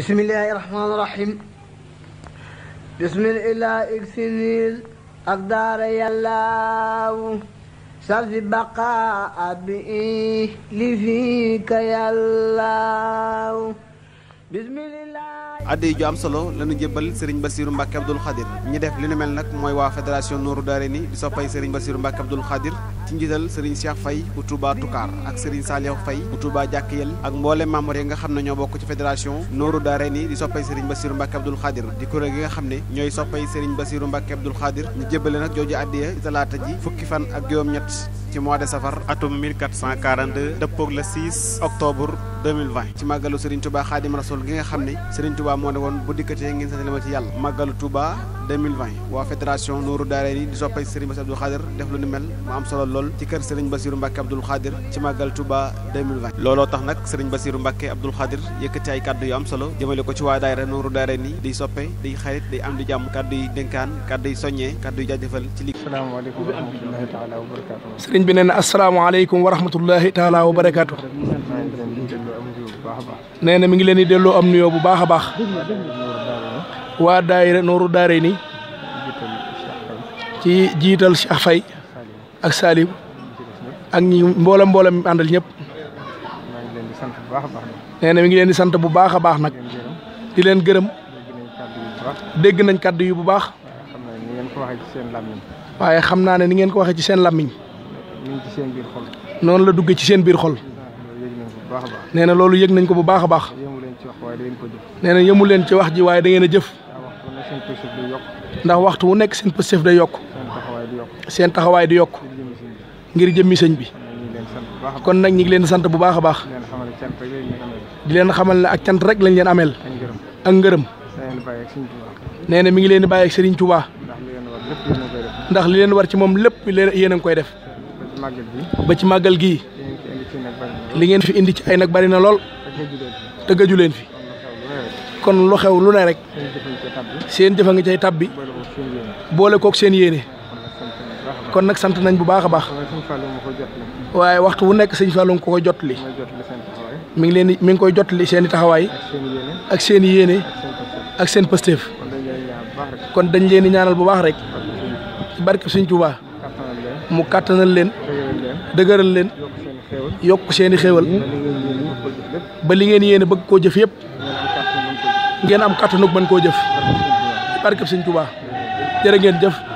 بسم الله الرحمن الرحيم بسم الله اكسنيل أقدار يلاو صرف بقاء بإيه لفيك يلاو addi ju am solo lañu jébbal Serigne Bassirou Mbacke Abdoul Khadir ñi def li nu mel nag mooy waa fédération Nourou Darayni di soppay Serigne Bassirou Mbacke Abdoul Khadir ci njiital Serigne Cheikh Faye bu Touba Toucar ak Serigne Saliou Faye bu Touba Jàkkiyel ak mboole membre yi nga xam ne ñoo bokk ci fédération Nourou Darayni di soppay Serigne Bassirou Mbacke Abdoul Khadir di kuréel gi nga xam ne ñooy soppay Serigne Bassirou Mbacke Abdoul Khadir ñu jébbale nag jooju addiya talaata ji fukki fan ak juróom-ñett ci mois de safar atum 1442 dëppoog le 6 octobre 2020 ci màggalu Serigne Touba Xaadim Rasul gi nga xam ne Serigne Touba moo ne woon bu dikkatee ngeen santale ma ci yàlla màggalu Touba 2020 waa fédération Nourou Daara yi di soppay Serigne Bassirou Abdoul Khadir def ci kër Serigne looloo tax nag Serigne Bassirou Mbacke Abdoul Khadir yëkkati ay kàddu yu am solo jëmale ko ci waa daayira Nourou Daara ni di soppe di xarit di am di jàmm kàddu yi dénkaan kàddu yi soññee kàddu yi jaajëfal ci liggéey asalaamaaleykum wa rahmatullahi taala wa barakaatu Serigne bi nee na mi ngi leen di delloo am nuyoo bu baax a baax. waa daayira nooru daare nii ci jiital Cheikh Faye ak Salim ak ñi mboolem mboole mi àndal ñëpp nee na mi ngi leen di sant bu baax a baax nag di leen gërëm dégg nañ kàddu yu bu baax waaye xam naa ne ni ngeen ko waxee ci seen làmmiñ noonu la duggee ci seen biir xol nee na loolu yëg nañ ko bu baax a baax. nee na yëmu leen ci wax ji waaye da ngeen a jëf. ndax waxtu wu nekk seen pëstëf day yokk. seen taxawaay di yokk. ngir jëmmi sëñ bi. kon nag ñi ngi leen sant bu baax a baax. di leen xamal ne ak cant rek lañ leen ameel. ak ngërëm. nee na mi ngi leen di bàyyi ak Serigne Touba. ndax li leen war ci moom lépp yéen a koy def. màggal gi. ba ci màggal gii. li ngeen fi indi ci ay nag bari na lool. te gëju leen fi. kon lu xew lu ne rek. seen jëfa nga cay tab bi. boole kook seen yéene. kon nag sant nañ bu baax a baax. waaye waxtu wu nekk sëñ Fallou ko koy jot li mi ngi leen mi ngi koy jot seen i taxawaay. ak seen i yéene. ak seen pësteef. kon dañ leen di ñaanal bu baax rek. barke suñ Tuubaa mu kàttanal leen. dëgëral leen yokk seeni xéewal ba li ngeen yéene bëgg koo jëf yëpp ngeen am kàttanug mën koo jëf barkeb sëñ Tuubaa jërë ngeen jëf